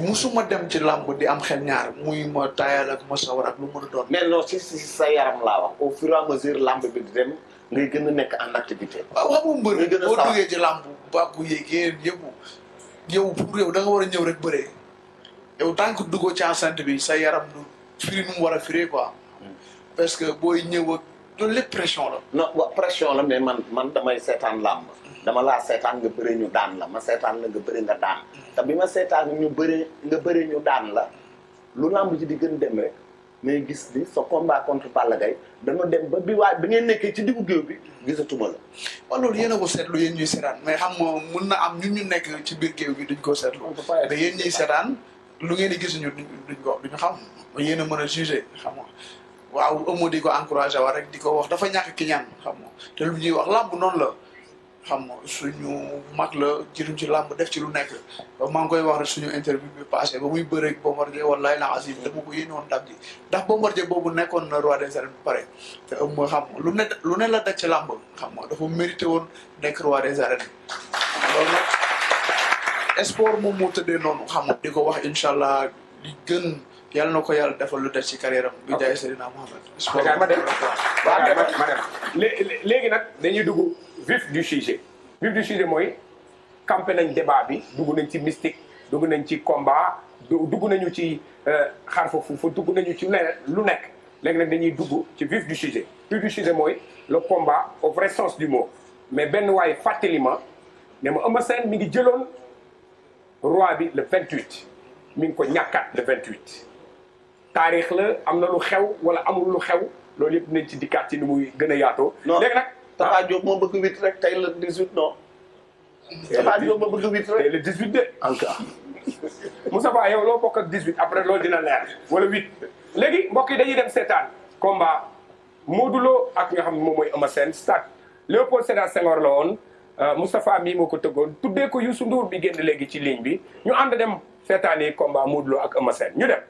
musuma dem ci làmb di am xel ñaar muy ma taayal ma sawar lu mën a doon. mais non si sa yaram laa wax au fur et làmb bi dem ngay gën a nekk en activité. waaw xam nga mbër boo duggee ci làmb bàpp yeeg yëpp yow pour yow da nga war a ñëw rek bëree yow tant que duggoo ci enceinte bi sa yaram du firi nu mu war a firi hmm. parce que booy ñëw ak lépp pression la. non waaw pression la mais man damay seetaan làmb. dama laa seetaan nga bëre ñu daan la ma seetaan la nga bëre nga daan ta bi ma seetaan ñu bëre nga bëre ñu daan la lu làmb ji di gën dem rek mais gis ni sa combat contre Balla Gaye dama dem ba bi waay bi ngeen nekkee ci diggu géew bi gisatuma la a loolu yéen a ko seetlu yéen ñuy seetaan mais xam nga mën na am ñun ñu nekk ci biir géew bi duñ ko seetlu mais yéen ñuy seetaan lu ngeen di ñu duñ ko duñu xam yéen a mën a jugé xam nga waaw amoo di ko encouragé war rek di ko wax dafa ñàkk ki xam nga te lu ñuy wax làmb noonu la xam nga suñu mag la jëriñ ci làmb def ci lu nekk ba maa ngi koy wax rek suñu interview bi passé ba muy bëreeg Bombardier wallaay la azim dama ko yéenoon ndam ji ndax Bombardier boobu nekkoon na des arènes pare lu ne lu ne la daj ci làmb xam nga dafa mérité woon nekk roi des arènes loolu nag sport moom mu tëddee noonu xam nga di ko wax incha allah di gën yàlla na ko yàlla defal lu daj ci carrière bi jaay Seydina a ma dem ma dem léegi nag dañuy dugg. vif du sujet vif du sujet mooy campé nañ débat bi dugg nañ ci mystique dugg nañ ci combat dugg nañu ci euh, xar fa fuufa dugg nañu ci leneen lu nekk léegi nag dañuy dugg ci vif du sujet vif du sujet mooy le combat au vrai sens du mot mais benn waay fàttali ma ne ma ama Sène mi ngi jëloon roi bi le 28 mu ngi ko ñàkkaat le 28 taarix la am na lu xew wala amul lu xew loolu yëpp dinañ ci dikkaat ci ni muy gën a yaatoo léegi nag Tapha Diop moo bëgg huit rek tey la dix-huit non. Tapha Diop moo bëgg huit rek tey la dix-huit de. encore Moustapha yow loo bokk ak dix-huit après loolu dina leer wala huit. léegi mbokk yi dañuy dem seetaan combat Modou ak nga xam moom mooy Eumeu Sène stade Léopold Sédar Senghor la woon euh, Moustapha mii moo ko tëggoon tuddee ko Youssou Ndour bi génn léegi ci ligne bi ñu ànd dem seetaani combat Modou Lo ak Eumeu Sène ñu dem.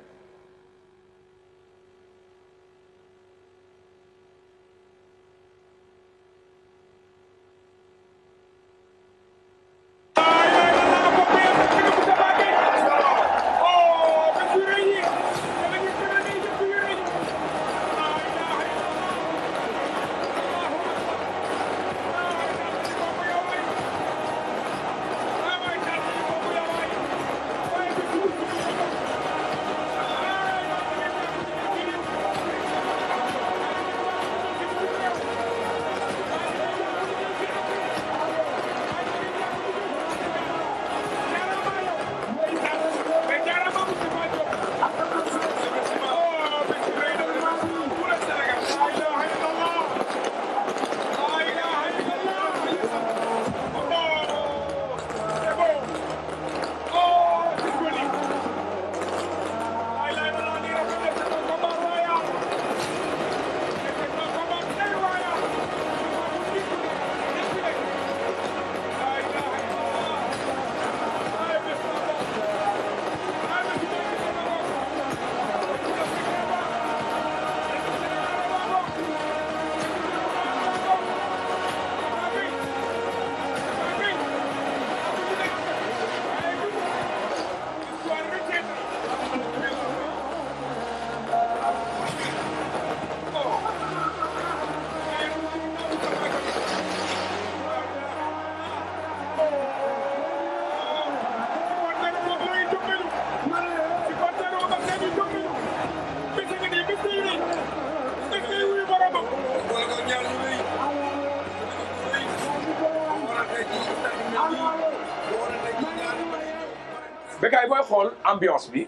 Bécaye booy xool ambiance bi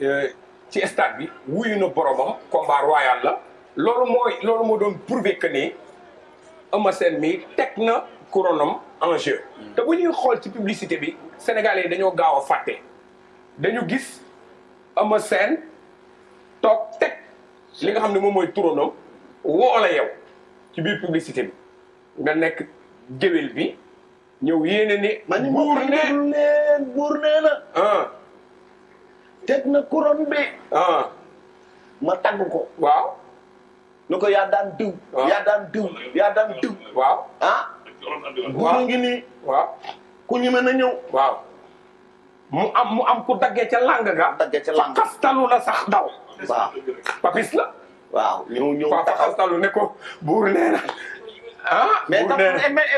euh, ci stade bi wuyu na boromam combat royal la loolu mooy loolu moo doon prouver que ni Eumeu mi teg na couronam en jeu te bu ñuy xool ci publicité bi sénégalais yi dañoo gaaw a fàtte dañu gis Eumeu Sène toog teg li nga xam ne moom mooy turonam woo la yow ci biir publicité bi nga nekk géwél bi ñëw yéene ni. man buur ne buur nee na. teg na couronne bi. ah. ma tagg ko. waaw. nu ko ah. yaa daan diw. yaa daan diw waaw ah. buur ngi nii. waaw ku ñu mën a mu am mu am ku daggee ca lang ga. daggee ca lang kastalu la sax daw. waaw papis la. waaw ñëw ñëw taxaw fa kastalu ne ko buur nee ah mais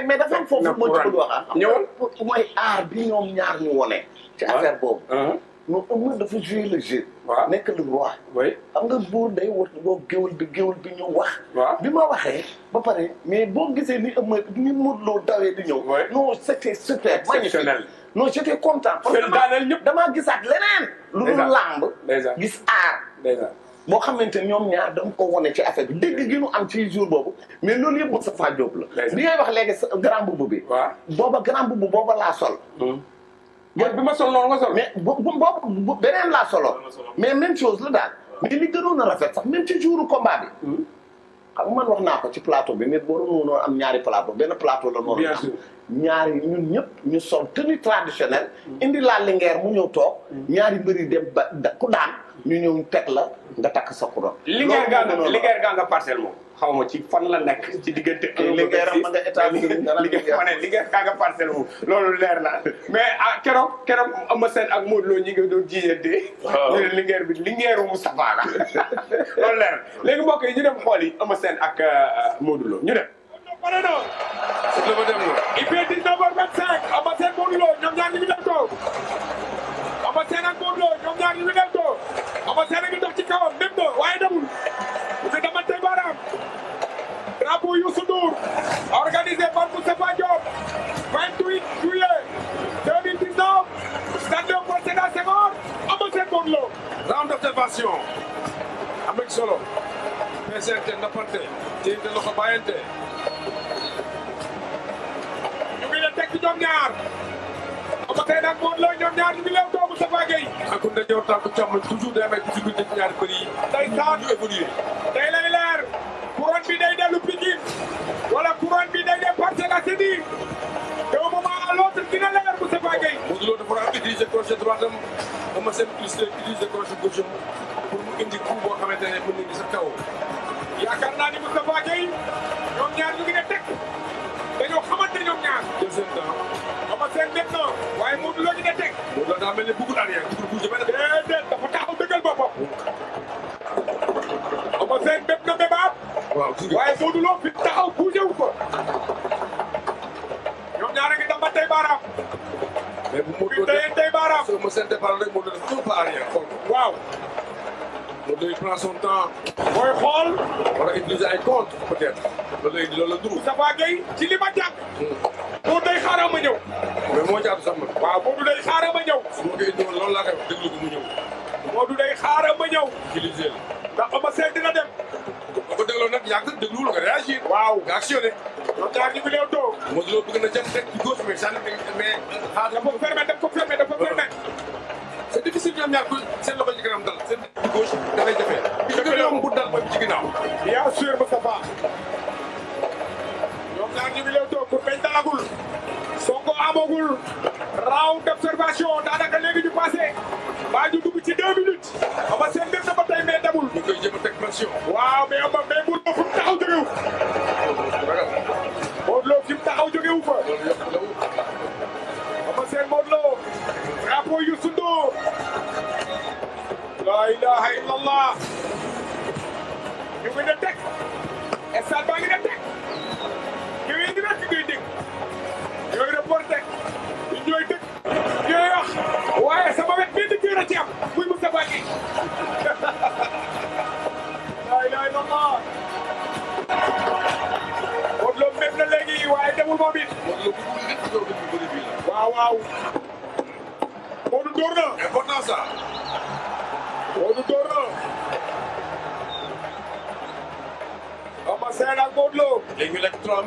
mais dafa am foofu moo ci bëgg wax ah. ñëwal mooy aar bi ñoom ñaar ñu wone ci ah. affaire boobu. Ah. non Eumeu dafa joué le jeu. waaw nekk le roi. oui xam nga buur day war boo géwal bi géwal bi ñu wax. bi ma waxee ba pare mais boo gisee ni Eumeu ni Modou loo dawee di ñëw. non c'était super exceptionnel. non j'étais content. parce que damaa gisaat leneen. lu dul làmb gis aar. boo xamante ne ñoom ñaar dañ ko wane ci affaire bi mm. dégg gi ñu am ci jour boobu mais loolu yëpp Moustapha Diop la li ngay wax léegi grand boubou bi waaw booba grand boubou booba laa sol mm. man bi ma sol noonu nga sol mais boobu beneen laa solo mais même chose la daal gënoon a rafet sax même ci jouru combat bi mm. xam man wax naa ko ci plateau bi nit boo doon mënoon am ñaari plateau benn plateau la noonu am ñaari ñun ñëpp ñu sol tenue traditionnelle mm. indi laa lingeer mu ñëw toog mm. ñaari mbëri dem ba ku daan ñu ñëw teg la nga takk sa couronne lingeer gaa nga lingeer gaa nga parcelle moom xaw ma ci fan la nekk ci diggante. li nga ne li nga kaa nga parcelle wu loolu leer na mais ah keroog keroog Eumeu Sène ak Modou Lo ñi nga doon jiiyantee. waaw ñu ne lingeer bi lingeeru Moustapha la loolu leer léegi mbokk yi ñu dem xool yi Eumeu Sène ak euh, Modou Lo ñu dem. il fait 19h25 Eumeu Sène Modou Lo ñoom ñaar ñu ngi dem toog Eumeu Sène ak Modou Lo ñoom ñaar ñu ngi dem toog Eumeu Sène a ngi dox ci kawam dem na waaye demul. bàyyante ñu ngi leen tekk ñoom ñaar Ama Sène ak Modou Lo ñoom ñaar ñu ngi leen doomu Tapha Gueye ak ku ndeyjoor tànku càmm toujours day may ci diggante ñaari mbër yi day saan ñu évolué day lay leer couronne bi day dellu Pikine wala couronne bi day dem Parcelles Assainies te au moment à l'autre dina leer bu Tapha Gueye Modou Lo dafa war a utiliser crochet droitam Ama Sène utiliser crochet gauche daa mel ni bëggul arrière déedéet dafa taxaw dëggal boppam. Eumeu Sène bépp na bébaat. waaw gis waaye Modou Lo fi taxaw bougé wu ko. ñoom ñaar ngi damba tey baaraam. mais bu Modou Lo tey tey baaraam. soo Eumeu Sène départ rek Modou Lo def tout arrière xool waaw. Modou Lo prend son temps. booy xool. war a utiliser ay compte peut-être. loolu lay loolu la dugg. Moustapha Gueye ci li ma jàpp. loolu moo ci am sax ma. waaw Modou day xaaral ma ñëw. ma koy indiwoon loolu laa koy ma ñëw. utilisé la. ndax Eumeu dina dem. ba ko dégloo nag yaa ngi ko dégluwul nga réagir. nga actionné. loolu di fi leew too. Modou Lo bëgg na jëm rek ci góosu mais sànni mais. ah dafa fermé dafa ko fermé dafa fermé. c'est difficile ñoom ñaar seen loxo ci kanam dal seen gauche dafay jafe. jafe la yow bu dal ba ci ginnaaw. bien sûr Moustapha. ñoom ñaar ñu ngi leew too pour bañ dalagul. amagul.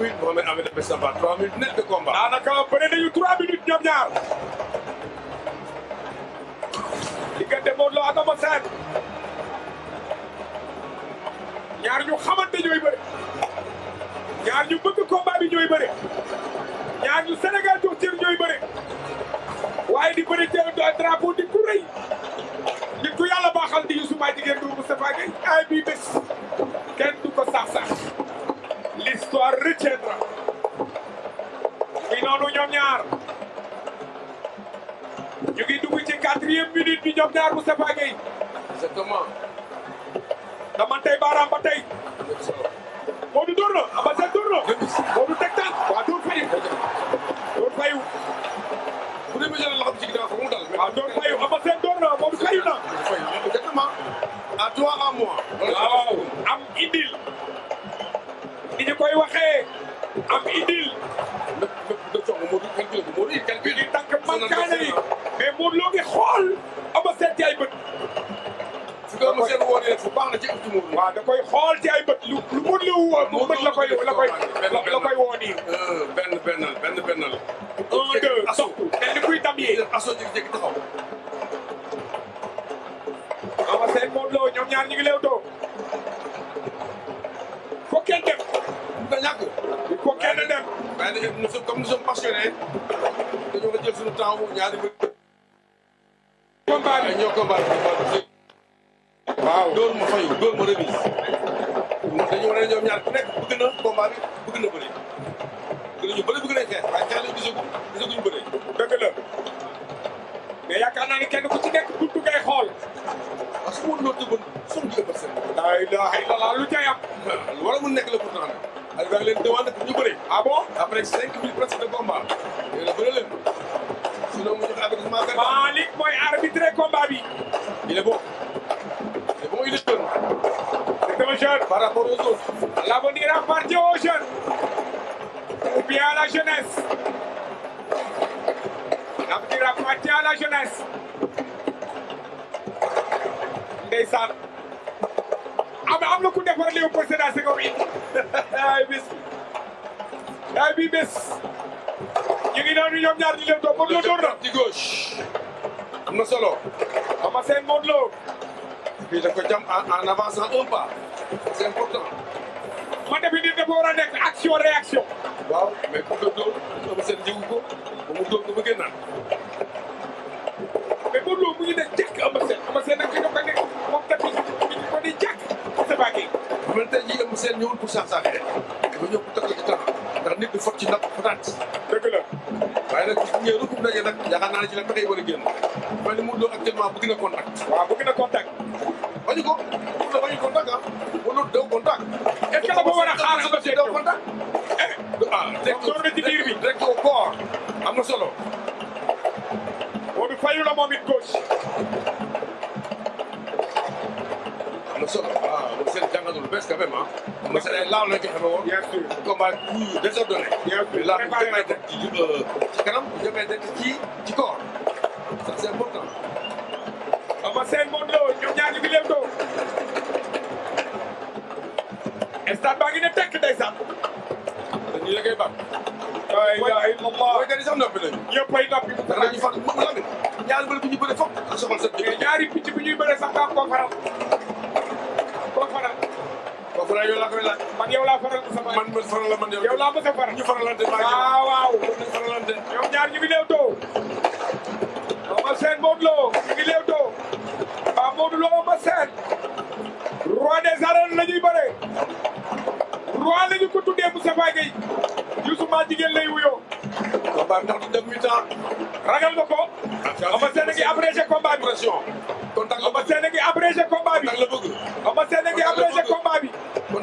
minutes Mohamed daanaka bëre nañu 3 minutes ñoom ñaar. diggante Modou Lo ak Eumeu ñaar ñu xamante ñooy bëre. ñaar ñu bëgg combat bi ñooy bëre. ñaar ñu Sénégal jox ñooy bëre. waaye di bëre teel a drapeau di ku rëy. nit ku yàlla baaxal di Youssouf Madiagne Ndour Moustapha Gueye ay bii bés kenn du ko sax sax. l'histoire retiendra muy noonu ñoom ñaar ñu ngi dugg ci quatrième minute bi ñoom ñaar Moustapha Gueye exactement daman tey baaraam ba tey Modou dóor na Amasa dóor na Modou teg tànk waaw dóor fayu dóor fayu bu dee na Modou fayu na ne dañoo jël suñu temps moom ñaari mbir. combat bi ñoo combat bi. waaw dóor ma fayu dóor ma remise. dañu war a ñoom ñaar ku nekk bëgg na combat bi bëgg na bëri. bëgg nañu bëri bëgg nañ xeex waaye xeex lañu gisagu gisaguñu bëri. dëgg la mais yaakaar naa ne kenn ku ci nekk buntu ngay xool. parce que mënuloo tëboon suñu jëmbat seen. laa ilaaha illallaah lu jaayam. lu war a mun nekk la pourtant nag. alhamdulilah leen demande ñu bëri. ah bon après cinq mille presque de combat. Thiès ndeysaan am am na ku defar Léopold Sédar Senghor bi ay bis ay bi ñoom ñaar di leen doon Modou Lo door na di gauche am na solo ama seen Modou Lo fii da ko jam en avançant un pas c'est important ma defi nit war a nekk action réaction waaw mais ku ko dóor mu dóor seen ñëwul pour sax-sax de dafa nit fot ci ndax fotaat dëgg la waaye nag su ngeen daje nag yaakaar naa ne ci la pexe yi war a génn man ni mu doon actuellement bëgg na contact waaw bëgg na contact bañu ko mun na bañu contact ah daw contact est-ce que dafa war a xaar daw contact eh laaw la joxe woon. bien sûr combat toujours désordonné. bien sûr laaw bu jëmee teg ci ci kanam bu jëmee teg ci ci corps. ça c'est important. Eumeu Sène Modou Lô ñoom ñaar ñu ngi leen doon. stade baa ngi ne tekk ndeysaan. dañuy yëgee baax. waaye gars yi moom moo. mooy que ni sax noppi nañu. ñëpp ay noppi. da ngay ñu fàttali moom la ñaari mbër bu ñu bëree foofu. ak soxal sa ñaari picc bu ñuy bëree sax daa ko faral. bu la yow laa koy laaj. man yow laa faral Moussa Faye. man man faral la man yow. yow laa Moussa Faral. ñu faralante maa ngi. waaw waaw ñu faralante. ñoom ñaar ñu ngi leew too. Eumeu Sène Modou Lo ñu ngi leew too. Pape Modou Lo Eumeu Sène. roi des arènes la ñuy bëree. roi la ñu ko tuddee Moussa Faye Gueye. Youssou maa jigéen lay wuyoo. combat ndax du dem huit ans. ragal nga ko. Eumeu Sène a ngi abrégé combat bi. pression. kon tax Eumeu Sène a ngi abrégé combat bi. tax la bëgg. Eumeu Sène a ngi abrégé combat bi.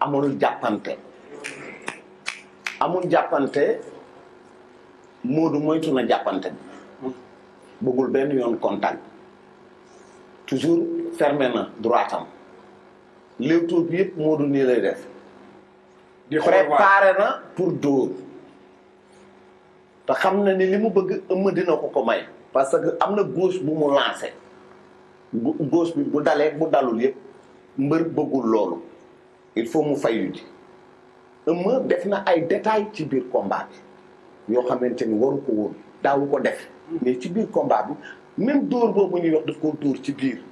amul jàppante amul jàppante Modou moytu na jàppante bëggul benn yoon contact toujours fermé na droitam léewtoo bi yëpp Modou nii lay def di préparé pour dóor te xam na ni li mu bëgg ëmm dina ko ko may parce que am na gauche bu mu lancé gauche bi bu dalee bu dalul yëpp mbër bëggul loolu il faut mu fayu ji Eumeu def na ay détails ci biir combat bi yoo xamante ni waru ko woon daawu ko def mais ci biir combat bi même dóor boobu ñuy wax def koo dóor ci biir